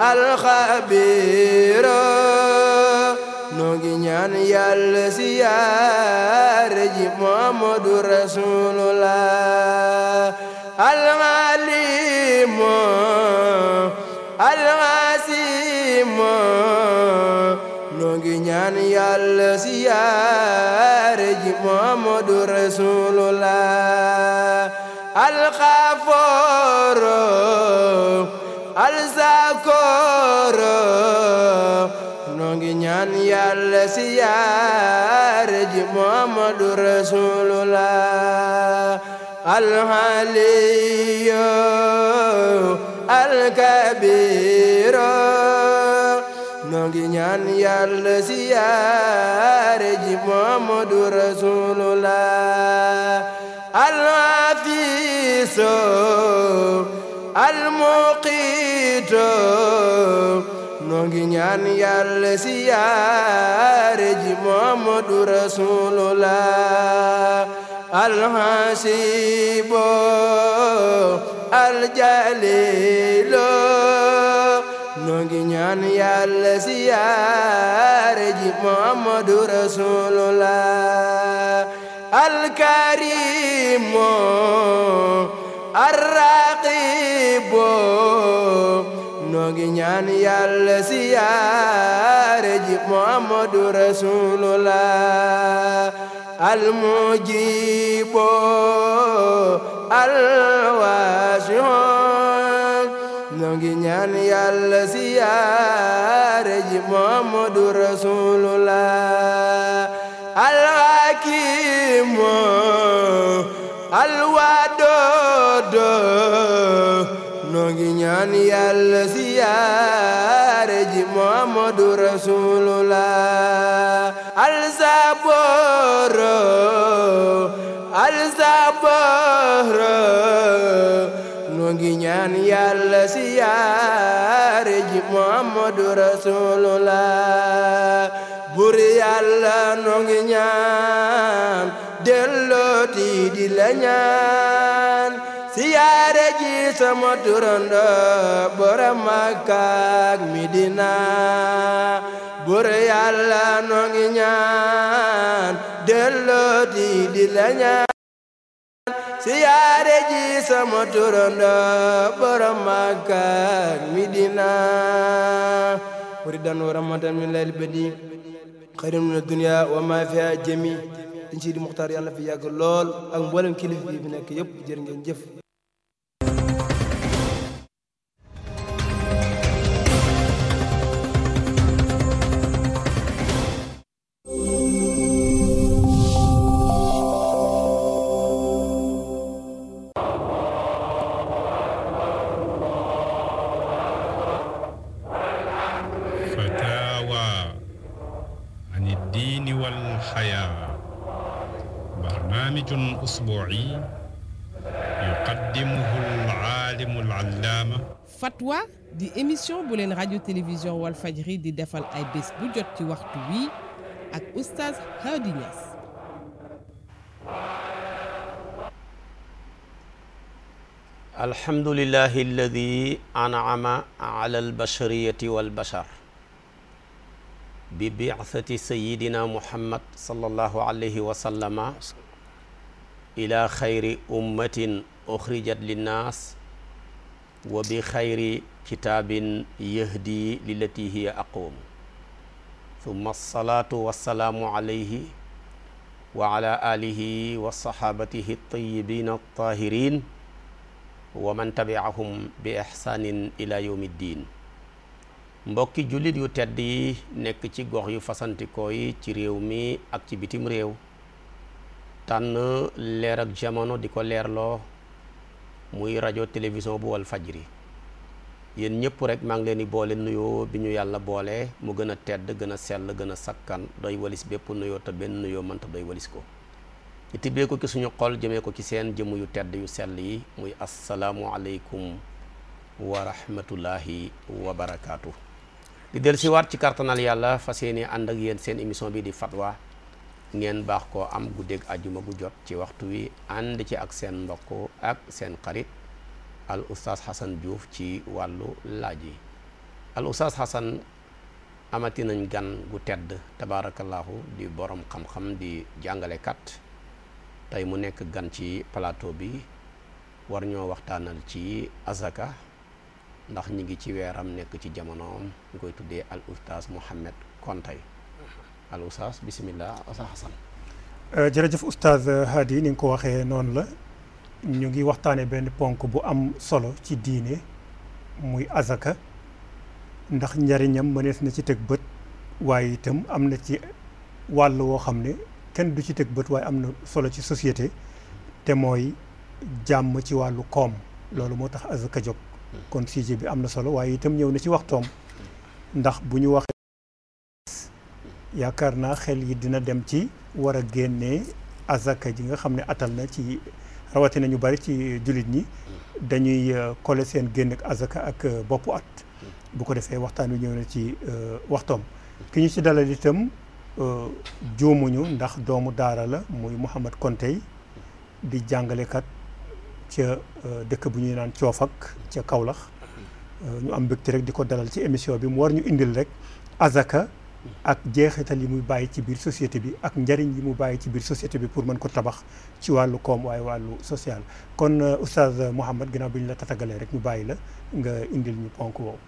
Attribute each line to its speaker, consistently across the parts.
Speaker 1: alxabiiro noo ngi ñaan yàlla siyaare ji muhammadu rasulullah alxaliimo alxasiimo noo ngi ñaan yàlla siyaare ji muhammadu rasulullah alxafooro alsakooro noo ngi ñaan yàlla si yaare ji muhammadu rasulullah alhaliyo alkabiro noo ngi ñaan yàlla si yaare ji muhammadu rasulullah alhafiso almuqiit noo ngi ñaan yàlla siyaare ji Muhammadu Rasulullah alhasibo aljalilo noo ngi ñaan yàlla siyaare ji Muhammadu Rasulullah alkarimo arraqibu noo ngi ñaan yàlla siyaare ji muhammadu rasulullah almujibu alwaasiun noo ngi ñaan yàlla siyaare ji muhammadu rasulullah alhakimu alwaadoodo noo ngi ñaan yàlla siyaare ji muhammadu rasulullah alsaboro alsaboro noo ngi ñaan yàlla siyaare ji muhammadu rasulullah bur yàlla noo ngi ñaan gi la ñaan siyaare ji sama turando borom Makka ak Medina bur ñaan delloo ti di la ñaan siyaare ji sama turando borom Makka ak Medina muridan wa rahmatan min lil badi xayrin wa ma fiha sëñ Sidi Muxtaar yàlla na fi yàgg lool ak mboolem kilifa yi fi nekk yëpp jërë ngeen jëf
Speaker 2: برنامج أسبوعي يقدمه العالم العلامة
Speaker 3: Fatwa di émission bu leen rajo télévision Walfadjri di defal ay bés bu jot ci waxtu wi ak oustaz Hady Niass
Speaker 4: الحمد لله الذي أنعم على البشرية والبشر ببعثة سيدنا محمد صلى الله عليه وسلم ila xayri ummatin uxrijat linnaas wa bi xayri kitaabin yahdi lillati hiya aqwam summa alsalaatu wassalaamu alayhi wa ala alihi wa saxaabatihi altayibiina altahirin wa man tabiahum bi ixsaanin ila yawmi ddin mbokki jullit yu tedd yi nekk ci gox yu fasantikoo yi ci réew mi ak ci bitim réew tànn leer ak jamono di ko leerloo muy rajo télévision bu wal fajri yéen ñëpp rek maa ngi leen di boole nuyoo bi ñu yàlla boole mu gën a tedd gën a sell gën a sakkan doy walis bépp nuyoo te benn nuyoo mënta doy walis ko ñu tibbee ko ci suñu xol jëmee ko ci seen jëmm yu tedd yu sell yi muy asalaamualeykum wa rahmatullahi wa barakaatu. di dellusiwaat ci kartanal yàlla fas yéene ànd ak yéen seen émission bi di fatwa ngeen baax koo am guddeeg ajuma gu jot ci waxtu wi ànd ci ak seen mbokk ak seen xarit al oustaz Xasan Diouf ci wàllu laaj yi al oustaz Xasan amati nañ gan gu tedd tabaarakallaahu di boroom xam-xam di jàngalekat tey mu nekk gan ci plateau bi war ñoo waxtaanal ci azaka ndax ñi ngi ci weeram nekk ci jamonoom ñu koy tuddee al oustaz Mouhamed Kontay al oustaz bisimilah oustaz Hassan
Speaker 2: euh, jërëjëf oustaz ni nga ko waxee noonu la ñu ngi waxtaanee benn ponk bu am solo ci diine muy azaka ndax njariñam mënees na ci teg bët waaye itam am na ci wàll woo xam ne kenn du ci teg bët waaye am na solo ci société te mooy jàmm ci wàllu koom loolu moo tax azaka jóg hmm. kon sujet bi am na solo waaye itam ñëw na ci waxtoom ndax bu ñu waxee yaakaar naa xel yi dina dem ci war a génnee azaka ji nga xam ne atal na ci rawatina ñu bari ci jullit ñi dañuy kole euh, seen génn ak azaka ak euh, boppu at bu ko defee waxtaan wi ñëw na ci euh, waxtoom ki ñu ci dalal itam juumuñu ndax doomu daara la muy Mouhamad Kontey di jàngalekat ca dëkk bu ñuy naan coofak ca kawlax ñu am mbégte rek di ko dalal ci émission bi mu war ñu indil rek azaka ak jeexital yi mu bàyyi ci biir société bi ak njariñ yi mu bàyyi ci biir société bi pour mën ko tabax ci wàllu koom waaye wàllu social kon euh, oustaz Mouhamed ginnaaw bi ñu la tatagalee rek ñu bàyyi la nga indil ñu ponk woowu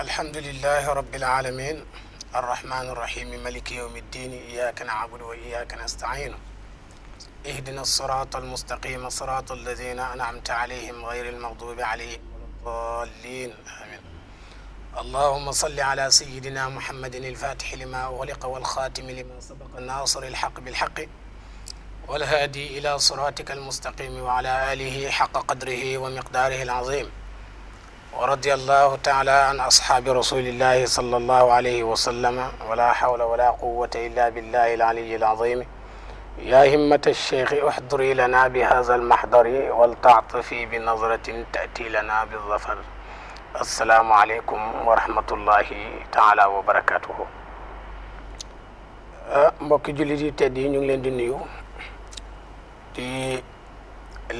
Speaker 3: alhamdulilahi rabbil alamin arrahmani irrahimi maliki yawmi ddini iyaka naabudu wa iyaka nastainu ihdina sirata almustaqima sirata alladina anamta alayhim gayri almaghdubi alayhim wala ddallin amin اللهم صل على سيدنا محمد الفاتح لما أغلق والخاتم لما سبق الناصر الحق بالحق والهادي إلى صراطك المستقيم وعلى آله حق قدره ومقداره العظيم ورضي الله تعالى عن أصحاب رسول الله صلى الله عليه وسلم ولا حول ولا قوة إلا بالله العلي العظيم يا همة الشيخ احضري لنا بهذا المحضر ولتعطفي بنظرة تأتي لنا بالظفر asalaamualeykum wa rahmatullahi taala wa barakaatuhu ah, mbokki jullit yi tedd yi ñu ngi leen di nuyu di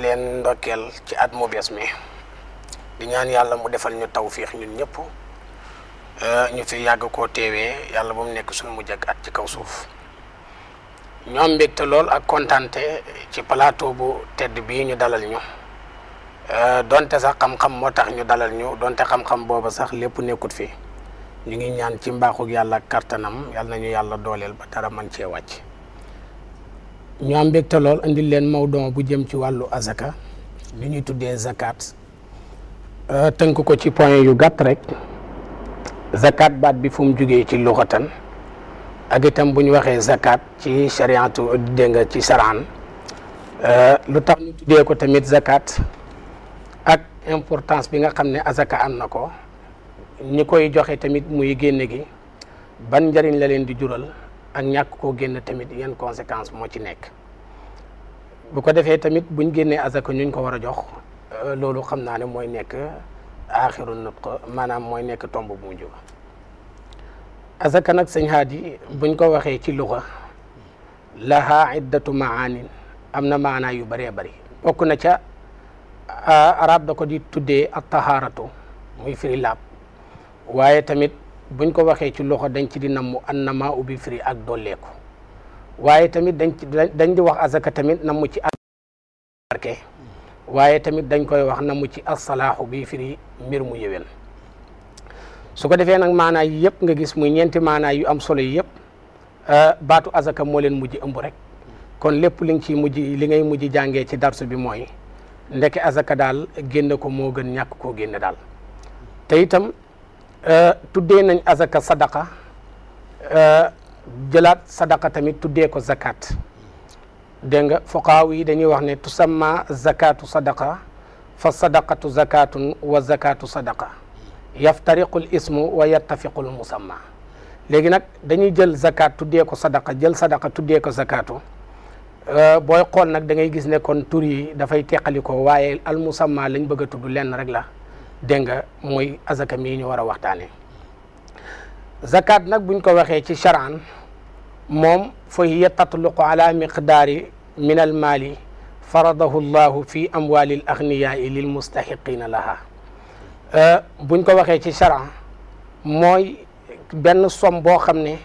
Speaker 3: leen ndokkeel ci at mu bees mi di ñaan yàlla mu defal ñu tawfiix ñu ñëpp ah, ñu fi yàgg koo teewee yàlla ba mu nekk suñu mu ak at ci kaw suuf ñoom mbégte lool ak kontaante ci plateau bu tedd bii ñu dalal ñu Euh, donte sax xam-xam moo tax ñu dalal ñu donte xam-xam booba sax lépp nekkut fi ñu ngi ñaan ci mbaaxug yàlla kartanam yàlla nañu yàlla dooleel ba dara man cee wàcc ñu am mbégte lool indil leen mawdon bu jëm ci wàllu azaka ñu ñuy tuddee zakat euh, tënk ko ci point yu gàtt rek zakat baat bi fu mu jugee ci luxatan ak itam bu ñu waxee zakat ci chariatu dégg nga ci saraan euh, lu tax ñu tuddee ko tamit zakat ak importance bi nga xam ne azaka am na ko ñi koy joxe tamit muy génne gi ban njëriñ la leen di jural ak ñàkk ko génn tamit yan conséquence moo ci nekk bu ko defee tamit buñ génnee azaka nuñ ko war a jox euh, loolu xam naa ne mooy nekk aaxiru nutq maanaam mooy nekk tomb bu mujj azaka nag sëñ haadi buñ ko waxee ci luxa laha iddatu maanin am na maanaa yu bëree bëri bokk na ca arab da ko di tuddee ak tahaaratu muy firi laab waaye tamit buñ ko waxee ci loxo dañ ci di namm an nama ubbi firi ak dolleeku waaye tamit dañ ci di wax azaka tamit namu ci ak tamit dañ koy wax namu ci assalaaxu bi firi mbir mu yëwén su ko defee nag maanaa yi yëpp nga gis muy ñeenti maanaa yu am solo yi yëpp euh, baatu azaka moo leen mujj ëmb rek kon lépp li nga ciy mujj li ngay mujj jàngee ci darsu bi mooy ndeke azaka daal génne ko moo gën ñàkk koo génne daal te itam euh, tuddee nañ azaka sadaqa euh, jëlaat sadaqa tamit tuddee ko zakat dégg nga foqaaw yi dañuy wax ne tusamma zakatu sadaqa fa sadaqatu zakatun wa zakatu sadaqa yaftariqu l ismu wa yattafiqu l musamma léegi nag dañuy jël zakat tuddee ko sadaqa jël sadaqa tuddee ko zakatu Euh, booy xool nag da ngay gis ne kon tur yi dafay teqalikoo waaye al musamma lañ bëgg a tudd lenn rek la dégg nga mooy azaka mii ñu war a waxtaanee zakat nag buñ ko waxee ci charan moom fa hiya tatluqu ala miqdaari min al maali faradahu llahu fi amwali l agniyaai lil mustahiqina laha euh, buñ ko waxee ci charan mooy benn somme boo xam ne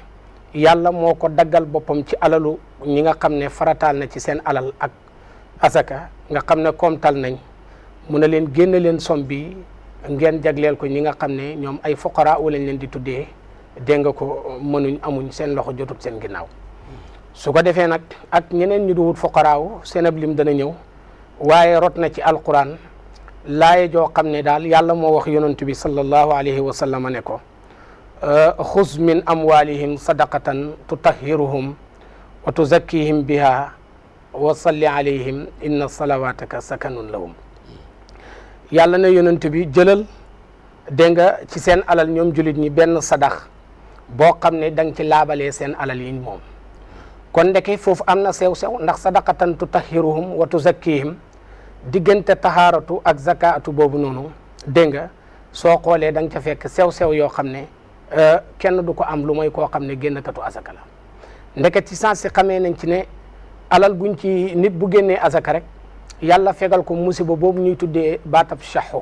Speaker 3: yàlla moo ko daggal boppam ci alalu ñi nga xam ne farataal na ci seen alal ak asaka nga xam ne koomtal nañ mun ne leen génne leen som bi ngeen jagleel ko ñi nga xam ne ñoom ay foqara lañ leen di tuddee dégg nga ko mënuñ amuñ seen loxo jotut seen ginnaaw su ko defee nag ak ñeneen ñu duwut foqaraaw seen lim dana ñëw waaye rot na ci alquran laaye joo xam ne daal yàlla moo wax yonent bi sallallahu alayhi wa sallam ne ko xuz min amwalihim sadaqatan tutahhiruhum wa tuzakkihim biha wa salli alayhim inna salawataka sakanun lahum yàlla na yonent bi jëlal dégg nga ci seen alal ñoom julit ñi benn sadax boo xam ne da nga ci laabalee seen alal yi moom kon ndeke foofu am na sew-sew ndax sadaqatan tutahhiruhum wa tuzakkihim diggante tahaaratu ak zakaatu boobu noonu dégg nga soo xoolee da nga ca fekk sew-sew yoo xam ne Euh, kenn du ko am lu mooy koo xam ne génn katu asaka la ndeket ci sens si xamee nañ ci ne alal buñ ci nit bu génnee asaka rek yàlla fegal ko musiba boobu ñuy tuddee baatab shaxu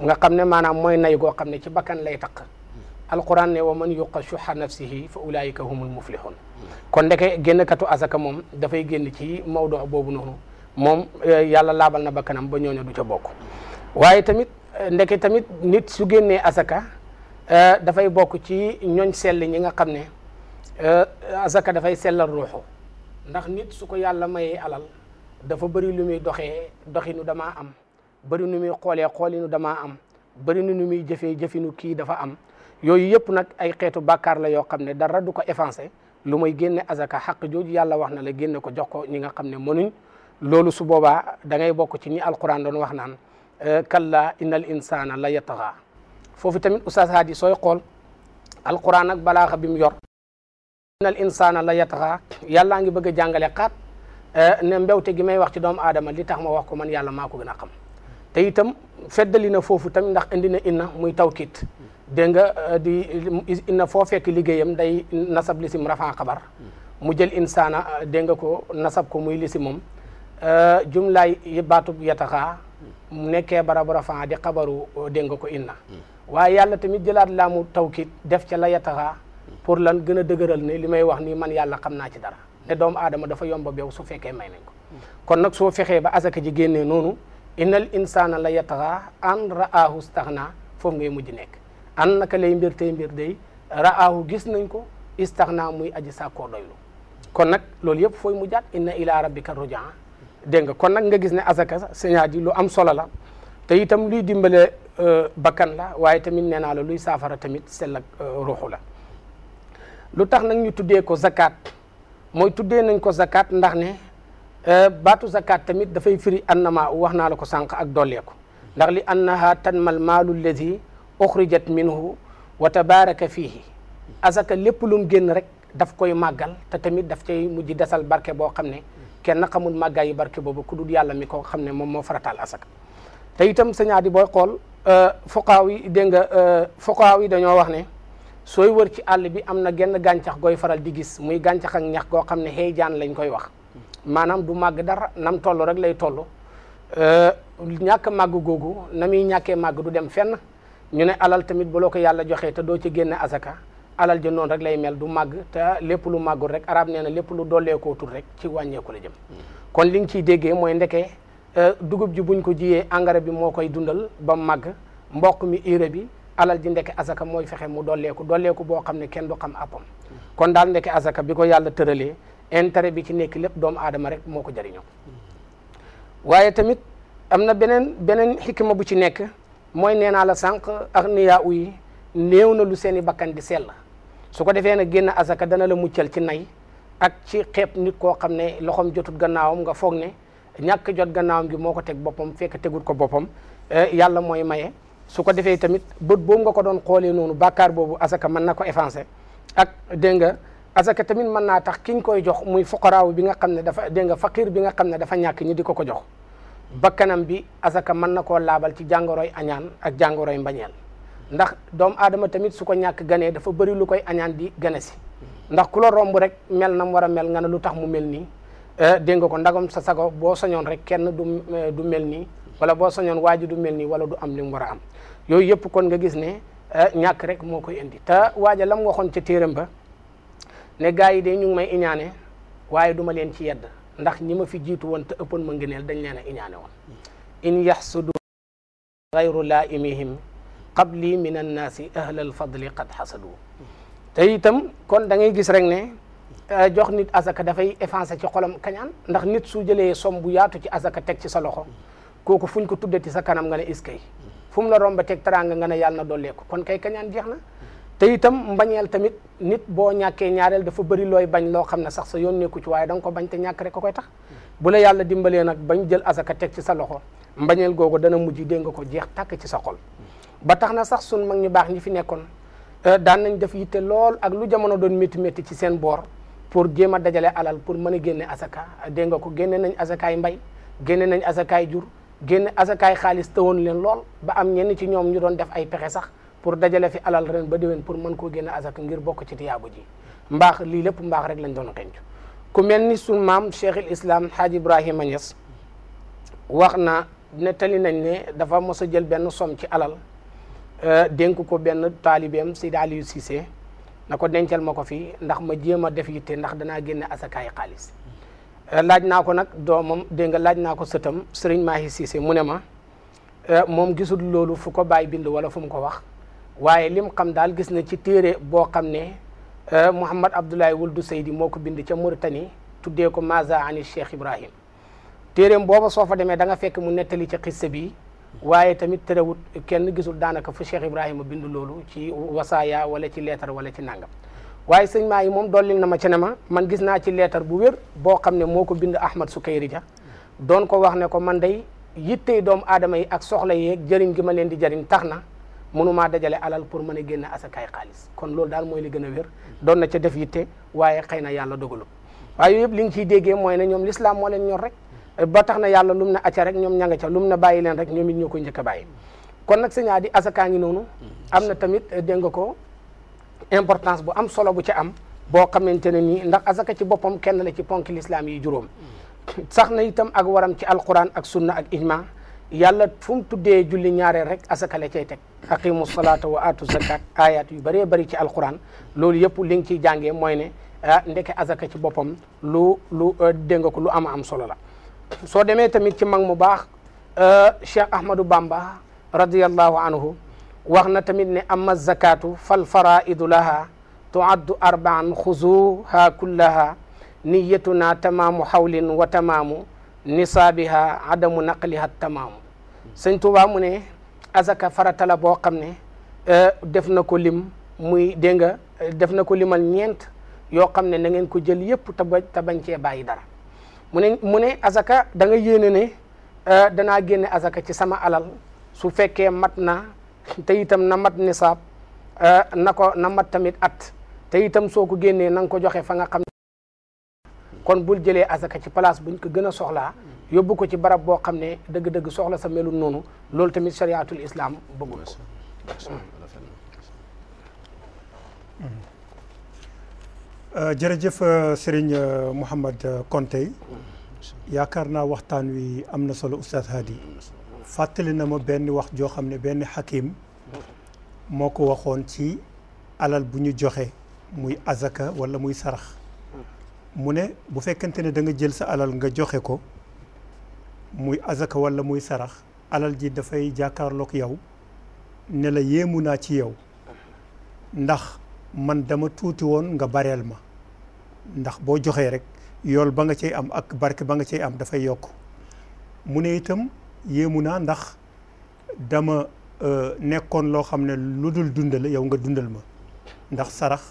Speaker 3: nga xam ne maanaam mooy nay goo xam ne ci bakkan lay taq alquran ne wa man yuqa shuha nafsihi fa ulaayika humul muflihun kon ndeke génn katu asaka moom dafay génn ci mawdo boobu noonu moom euh, yàlla laabal na bakkanam ba ñooñu du ca bokk waaye tamit ndeke tamit nit su génnee asaka Euh, dafay bokk ci ñooñ sell ñi nga xam ne euh, azaka dafay sellal ruuxu ndax nit su ko yàlla mayee alal dafa bëri lu muy doxee doxinu damaa am bëri nu muy xoolee xoolinu damaa am bëri nu muy jëfee nu kii dafa am yooyu yëpp nag ay xeetu bakkaar la yoo xam ne dara du ko effacé lu may génne azaka xaq jooju yàlla wax na la génne ko jox ko ñi nga xam ne mënuñ loolu su boobaa da ngay bokk ci ñi alquran doon wax naan euh, kalla innal insana la yataxa foofu tamit oustaz haadi sooy xool alquran ak balaaxa bi mu yor innal insana la yataxa yàllaa ngi bëgg a jàngale xaat eh, ne mbewte gi may wax ci doomu aadama li tax ma wax ko man yàlla maa ko gën a xam te itam feddali na foofu tamit ndax indi na inna muy tawkiit dégg nga eh, di inna foo fekk liggéeyam day nasab li sim a xabar mu jël insaana eh, dégg nga ko nasab ko muy li si moom jumlaay baatub yataxaa mu nekkee barab rafan di xabaru dégg nga ko inna waaye yàlla tamit jëlaat mu taw kiit def ca la yataxaa pour lan gën a dëgëral ne li may wax nii man yàlla xam naa ci dara ne doomu aadama dafa yomba beew su fekkee may nañ ko kon nag soo fexee ba asaka ji génnee noonu inal insaana la yataxaa an ra'aahu staxna foofu ngay mujj nekk an naka lay mbir tey mbir day ra'aahu gis nañ ko istaxna muy aji sàkkoo doylu kon nag loolu yëpp fooy mujjaat inna ila rabbika rujaa dégg nga kon nag nga gis ne asaka signat lu am solo la Euh, bakkan la waaye tamit nee naa la luy saafara tamit sell ak euh, ruuxu la lu tax nag ñu tuddee ko zakat mooy tuddee nañ ko zakat ndax ne euh, baatu zakat tamit dafay firi annama wax naa la ko sànq ak dolleeku ndax li annaha tanmal maalu lesi uxrijat minhu wa tabaraka fiihi azaka lépp lum génn rek daf koy màggal te tamit daf cay mujj desal barke boo xam ne kenn xamul màggaay yi barke boobu ku dul yàlla mi ko xam ne moom moo farataal asaka te itam sëñaa Euh, foqaaw yi dégg nga euh, foqaaw yi dañoo wax ne sooy wër ci àll bi am na genn gàncax gooy faral di gis muy gàncax ak ñax goo xam ne xëy jaan lañ koy wax maanaam du màgg dara nam toll rek lay toll euh, ñàkk màgg googu na muy ñàkkee màgg du dem fenn ñu ne alal tamit baloo ko yàlla joxee te doo ci génne asaka alal ja noonu rek lay mel du màgg te lépp lu màggul rek arab nee na lépp lu dooleekootul rek ci wàññeeku la jëm hmm. kon li nga déggee mooy ndekee Euh, dugub ji buñ ko jiyee engrais bi moo koy dundal ba màgg mbokk mi urée bi alal ji ndeke asaka mooy fexe mu dolleeku dolleeku boo xam ne kenn doo xam appam kon daal ndeke asaka bi ko yàlla tëralee intérêt bi ci nekk lépp doomu aadama rek moo ko jariñoo waaye tamit am na beneen beneen xikma bu ci nekk mooy nee naa la sànq ak niyaa uyi néew na lu seeni i bakkan di sell su ko defee nag génn asaka dana la muccal ci nay ak ci xeeb nit koo xam ne loxoom jotut gannaawam nga foog ne ñàkk jot gannaaw gi moo ko teg boppam fekk tegul ko boppam eh, yàlla mooy maye su ko defee tamit bët boobu nga ko doon xoolee noonu bàkkaar boobu asaka mën na ko effacer ak dégg nga asaka tamit mën naa tax ki ñu koy jox muy foqaraaw bi nga xam ne dafa dégg nga faqir bi nga xam ne dafa ñàkk ñi di ko ko jox bakkanam bi asaka mën na koo laabal ci jàngoroy añaan ak jàngoroy mbañeel ndax doom aadama tamit su ko ñàkk ganee dafa bëri lu koy añaan di gane si ndax ku la romb rek mel na mu war a mel nga ne lu tax mu mel nii Eh, dégg nga ko ndagam sa sago boo sañoon rek kenn du eh, du mel ni wala boo soñoon waa ji du mel ni wala du am li mu war a am yooyu yëpp kon nga gis ne eh, ñàkk rek moo koy indi te waaja lam waxoon ca téeram ba ne gars yi de ñu ngi may iñaane waaye duma leen ci yedd ndax ñi ma fi jiitu woon te ëppoon ma ngëneel dañ leen a iñaane woon in yaxsudu gayru laaimihim qabli min annaasi ahlal fadli Euh, jox nit azaka dafay effacé ci xolom kañaan ndax nit su jëlee som bu yaatu ci azaka teg ci sa loxo kooku fuñ ko tuddati sa kanam nga ne iskay fu mu la romba teg teraanga nga ne yàlla na ko kon kay kañaan jeex na te itam mbañeel tamit nit boo ñàkkee ñaareel dafa bëri looy bañ loo xam ne sax sa yoon nekku ci waaye da nga ko bañ te ñàkk rek ko koy tax bu la yàlla dimbalee nag bañ jël azaka teg ci sa loxo mbañeel googu dana mujj dégg nga ko jeex tàkk ci sa xol ba na sax sun mag ñu baax ñi fi nekkoon euh, daan nañ def yitte lool ak lu jamono doon métti métti ci seen boor pour jéem a dajale alal pour mën a génne asaka dégg nga ko génne nañ asakaay mbay génne nañ asakaay jur génne asakaay xaalis tawoon leen lool ba am ñenn ci ñoom ñu doon def ay pexe sax pour dajale fi alal ren ba déwén pour mën koo génne asaka ngir bokk ci tiyaabu ji mbaax lii lépp mbaax rek lañ doon xencu ku mel ni suñ maam cheikhul islam haaj ibrahima Niass wax na nettali nañ ne dafa mos a jël benn som ci alal euh, dénk ko benn taalibeem si Aliou Cissé na ko dencal ma ko fii ndax ma jéem a def yitte ndax danaa génne asakaay xaalis euh, laaj naa ko nag doomam dégg nga laaj naa ko sëtam sëriñ Mahi sise mu ne ma euh, moom gisul loolu fu ko bàyyi bind wala fu mu ko wax waaye lim xam daal gis na ci téere boo xam ne euh, Mouhamad Abdoulaye Wuldu Seydi moo ko bind ca Mauritanie tuddee ko Maza ani Cheikh Ibrahim téereem booba soo fa demee da nga fekk mu nettali ci xissa bi waaye tamit terewut kenn gisul daanaka fu Cheikh Ibrahima bindu loolu ci wasaaya wala ci leetar wala ci nangam waaye sëñ maa yi moom dollil na ma ci ma man gis naa ci leetar bu wér boo xam ne moo ko bind Ahmad Sukayri ja doon ko wax ne ko man day yittey doomu aadama yi ak soxla yeeg jëriñ gi ma leen di jëriñ tax na mënumaa dajale alal pour mën a génne asakaay xaalis kon loolu daal mooy li gën a wér doon na ca def yitte waaye xëy na yàlla dogalu waaye yooyu li nga ciy mooy ne ñoom l'islam moo leen ñor rek ba tax na yàlla lum na acca rek ñoom ña nga ca lum na bàyyi leen rek ñoom it ñoo koy njëkk bàyyi kon nag sëñ Hady asaka ngi noonu am na tamit eh, dégg nga ko importance bu am solo bu ci am boo xamante ne nii ndax asaka ci boppam kenn la ci ponk lislaam yi juróom sax na itam ak waram ci alquran ak sunna ak ijma yàlla fu tuddee julli ñaareel rek asaka la cay teg aqimu salaata wa atu zakat yu bëree bëri ci alquran loolu yëpp li nga ciy jàngee mooy ne ah ndeke asaka ci boppam lu lu eh, dégg ko lu ama am solo la soo demee tamit ci mag mu baax euh, Cheikh Ahmadou Bamba radiyallahu anhu wax na tamit ne amma zakatu fal faraidu laha tuaddu arbaan xuzuha kullaha niyatuna tamamu hawlin wa tamamu nisaabiha adamu naqliha tamamu sëñ Tuubaa mu ne azaka farata la boo xam ne euh, def na ko lim muy dégg nga def na ko limal ñeent yoo xam ne na ngeen ko jël yëpp te bañ cee bàyyi dara mu ne mu ne asaka da nga yéene ne euh, danaa génne asaka ci sama alal su fekkee mat na te itam na mat nisaab euh, na ko na mat tamit at te itam soo ko génnee na nga ko joxe fa nga xam kon bul jëlee azaka ci place buñ ko gën a soxlaa yóbbu ko ci barab boo xam ne dëgg-dëgg soxla sa melul noonu loolu tamit shariatul islam
Speaker 4: bëggul
Speaker 2: Euh, jërëjëf euh, Serigne euh, Mouhamed Konté yaakaar naa waxtaan wi am na solo Oustaz Hady fàttali na ma benn wax joo xam ne benn xakim moo ko waxoon ci alal bu ñu joxe muy azaka wala muy sarax mu ne bu fekkente ne da nga jël sa alal nga joxe ko muy azaka wala muy sarax alal ji dafay jàkkaarloog yow ne la yéemu naa ci yow ndax man dama tuuti woon nga bareel ma ndax boo joxee rek yool ba nga cee am ak barke ba nga cee am dafay yokk mu ne itam yéemu naa ndax dama euh, nekkoon loo xam ne lu dul dundal yow nga dundal ma ndax sarax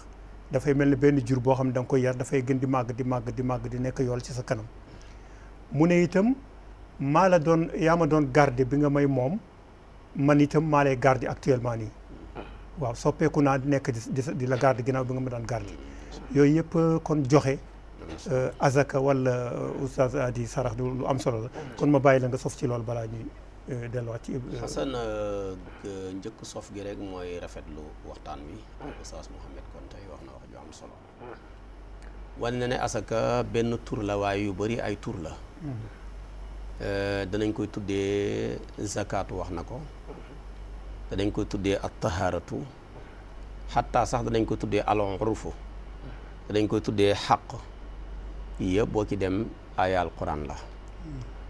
Speaker 2: dafay mel ni benn jur boo xam ne da nga koy yar dafay gën di màgg di màgg di màgg di nekk yool ci sa kanam mu ne itam maa la doon yaa ma doon garde bi nga may moom man itam maa lay garde actuellement nii waaw soppeeku naa nekk di di la garde ginnaaw bi nga ma daan garde yooyu yëpp kon joxe euh, azaka wala euh, oustaz di sarax lu am solo la kon ma bàyyi la nga sof ci loolu balaa ñuy euh, delluwaat ci xasan
Speaker 4: njëkk sof gi rek mooy rafetlu waxtaan wi oustaz Mouhamed kon tey wax na wax ne asaka benn tur la waaye yu bëri ay tur la mhm. danañ koy tuddee zakaatu wax na ko dañ koy tuddee at taharatu xataa sax danañ koy tuddee al urfu dañ koy tuddee xaq yëpp boo ci dem aaya al quran la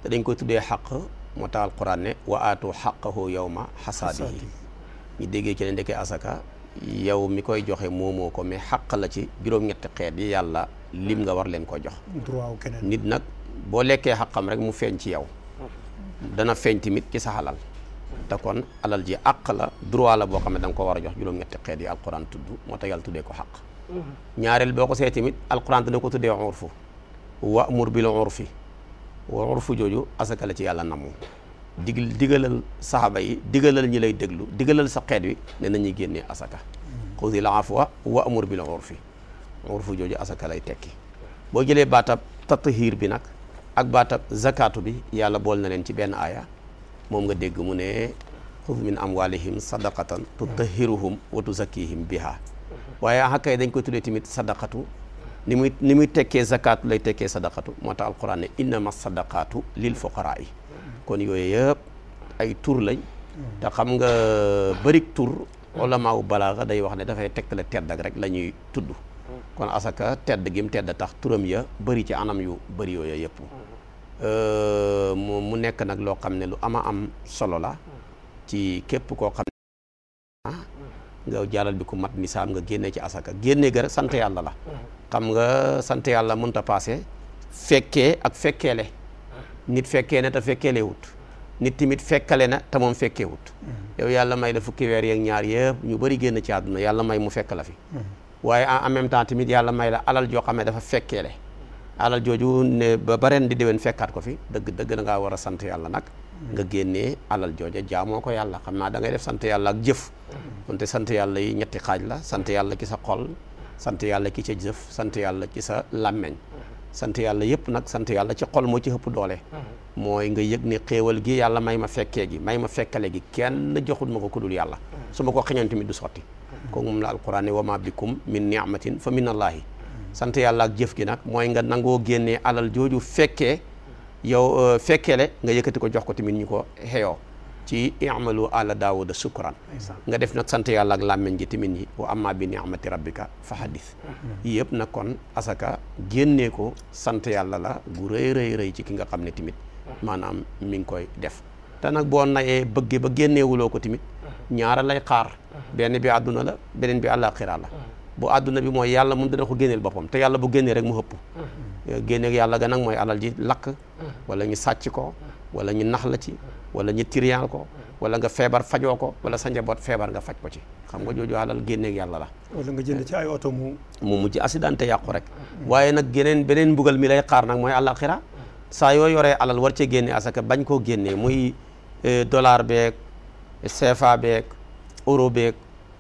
Speaker 4: dañ koy tuddee xaq moo tax al quran ne wa aatu xaqahu yawma xasaadihi ñu déggee ci ne ndeke asaka yow mi koy joxe moomoo ko mais xaq la ci juróom-ñetti xeet yi yàlla lim nga war leen ko jox nit nag boo lekkee xaqam rek mu feeñ ci yow
Speaker 2: mm-hmm.
Speaker 4: dana feeñ tamit ci sa xalal te kon alal ji àq la droit la boo xam ne da nga ko war a jox juróom-ñetti xeet yi alquran tudd moo tax yàlla tuddee ko xaq mm-hmm. ñaareel boo ko see tamit alquran da ko tuddee urfu wa amur bil urfi wa urfu jooju asaka la ci yàlla namu digl digalal saxaba yi digalal ñi lay déglu digalal sa xeet wi ne nañuy génnee asaka mm-hmm. xudil afwa wa amur bil urfi urfu jooju asaka lay tekki boo jëlee baatab tatahir bi nag ak baatab zakatu bi yàlla bool na leen ci benn aaya moom nga dégg mu ne xuf min amwalihim sadaqatan tutahiruhum wa tuzakkihim biha waaye akay ah, dañ koy tuddee tamit sadaqatu ni muy ni muy tekkee zakatu lay tekkee sadaqatu moo tax alquran ne innama sadaqatu lil fuqaraa kon yooyu yëpp ay tur lañ te xam nga bërik tur ulamaawu balaaga day wax ne dafay tegtale tedd ak rek la ñuy tudd kon asaka tedd gim tedd tax turam ya bëri ci anam yu bëri yooyu yëpp Euh, mu nekk nag loo xam ne lu ama am solo la ci képp koo xam ne nga jaalal bi ku mat nisaab nga génne ci asaka génne ga sant yàlla la xam nga sant yàlla mënut ta paase fekkee ak fekkeele nit fekkee na fekkee fekkeele wut nit tamit fekkale na te moom fekkee wut yow yàlla may la fukki weer yeeg ñaar yëpp ñu bëri génn ci àdduna yàlla may mu fekk la fi hmm. waaye en même temps tamit yàlla may la alal joo xam ne dafa fekkeele alal jooju ne ba bareen di dewen fekkaat ko fi dëgg dëgg da ngaa war a sant yàlla nag nga génnee alal jooja jaamoo ko yàlla xam naa da def sant yàlla ak jëf wante sant yàlla yi ñetti xaaj la sant yàlla ci sa xol sant yàlla ki sa jëf sant yàlla ci sa làmmeñ sant yàlla yëpp nag sant yàlla ci xol moo ci ëpp doole mooy nga yëg ne xéewal gi yàlla may ma fekkee gi may ma fekkale gi kenn joxul ma ko ku dul yàlla su ma ko xañan tamit du sotti ko moom la alquran ma bikum min ni'matin sant yàlla ak jëf gi nag mooy nga nangoo génnee alal jooju fekkee yow euh, le nga yëkkati ko jox ko tamit ñu ko xeyoo ci i'malu ala daawuda sukran nga def nag sant yàlla ak làmmiñ gi tamit yi wa amma bi ni'mati rabbika fa hadis mm-hmm. yii yëpp nag kon asaka génnee ko sant yàlla la gu rëy rëy ci ki nga xam ne tamit maanaam mi ngi koy def te nag boo nayee bëgge ba génneewuloo ko tamit mm-hmm. ñaara lay xaar mm-hmm. benn bi àdduna la beneen bi àllaaxira la bu àdduna bi mooy yàlla moom dina ko génneel boppam te yàlla bu génnee rek mu ëpp génneeg yàlla ga nag mooy alal ji lakk wala ñu sàcc ko wala ñu nax la ci wala ñu tiriyaal ko wala nga feebar fajoo ko wala sa njaboot feebar nga faj ko ci xam nga jooju alal génneeg yàlla la
Speaker 2: wala nga jënd ci ay oto mu
Speaker 4: mu mujj accident te yàqu rek waaye nag geneen beneen mbugal mi lay xaar nag mooy àllaaxira saa yooy yore alal war cee génne asaka bañ koo génnee muy eh, dollar beeg eh, CFA beeg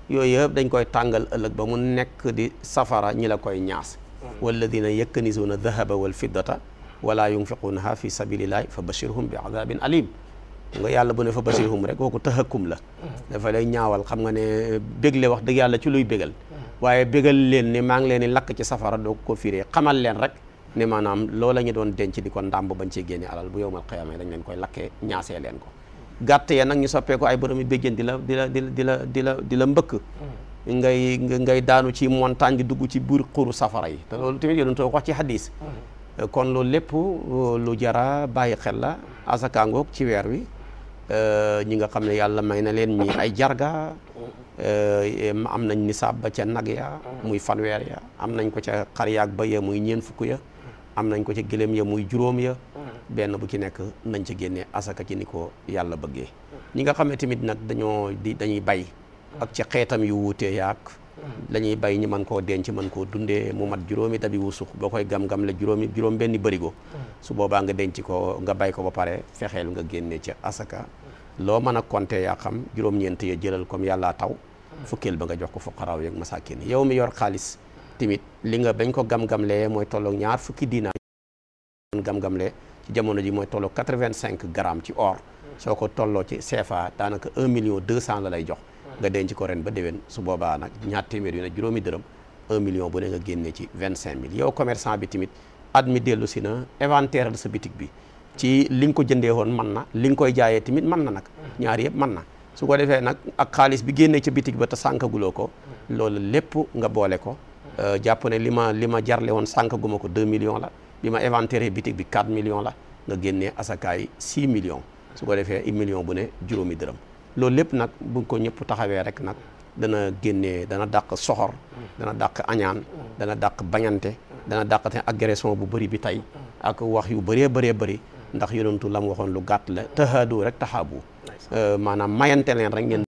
Speaker 4: yooyu yëpp dañ koy tàngal ëllëg ba mu nekk di safara ñi la koy ñaas mm-hmm. walladina yaknizuna dahaba wal fiddata wala yunfiqunaha fi sabilillahi fa bashirhum bi adabin alim nga yàlla bu ne fa bashirhum rek kooku tahakkum la mm-hmm. dafa lay ñaawal xam nga ne bégle wax dëgg yàlla ci luy bégal mm-hmm. waaye bégal leen ne maa ngi leen di lakk safara doog ko firee xamal leen rek ne maanaam loola ñu doon denc di ko ndàmb bañ ci génne alal bu yowmal qiyaama dañ koy lakkee ñaasee leen ko gàtt ya nag ñu soppeeku ay boromi béjjén di la di la di di la di la mbëkk mm-hmm. ngay ngay daanu ci montagne di dugg ci biir xuru safara yi te loolu tamit yonent wax ci hadis mm-hmm. eh, kon loolu lépp eh, lu jara bàyyi xel la asakaangoog ci weer wi eh, ñi nga xam ne yàlla may na leen ñi ay jarga am nañ nisaab ba ca nag ya mm-hmm. muy fanweer ya am nañ ko ca xar yaak bëy ya muy ñeen fukk ya am nañ ko ca gëléem ya muy juróom ya benn bu ci nekk nañ ca génnee asaka ci ni ko yàlla bëggee ñi nga xam ne tamit nag dañoo di dañuy bay ak ci xeetam yu wuutee yaak la ñuy bay ñi mën koo denc mën koo dundee mu mat juróomi dabi wusux boo koy gam-gam la juróomi juróom benn bërigo su boobaa nga denc ko nga bay ko ba pare fexeel nga génne ca asaka loo mën a compter yaa xam juróom-ñeent ya jëlal comme yàllaa taw fukkeel ba nga jox ko fuqaraaw yeeg masaakin yow mi yor xaalis tamit li nga bañ ko gam-gamlee mooy tolloog ñaar fukki diinaar gam-gamlee jamono ji mooy tolloo quatre-vingt-cinq grammes ci or soo ko tolloo ci CFA daanaka un million deux cent la lay jox nga denc ren ba déwén su boobaa nag ñaar téeméer yu ne juróomi dërëm un million bu ne nga génnee ci vingt-cinq mille yow commerçant bi tamit at mi dellu si na sa bitig bi ci li nga ko jëndee woon mën na li nga koy jaayee tamit mën na nag ñaar yëpp mën na su ko defee nag ak xaalis bi génnee ca bitig ba te sànkaguloo ko loolu lépp nga boole ko euh, jàpp ne li ma li ma jarle woon sànkaguma ko deux millions la bi ma inventaire bitig bi 4 millions la nga génnee asakaay 6 millions su ko defee 1 million bu ne juróomi dërëm loolu lépp nag bu ko ñëpp taxawee rek nag dana génnee dana dàq soxor dana dàq añaan dana dàq bañante dana dàq te agression bu bëri bi tey ak wax yu bëree bëree bëri ndax yonentu la mu waxoon lu gàtt la tahaadu rek taxaabu euh, maanaam mayante leen rek ngeen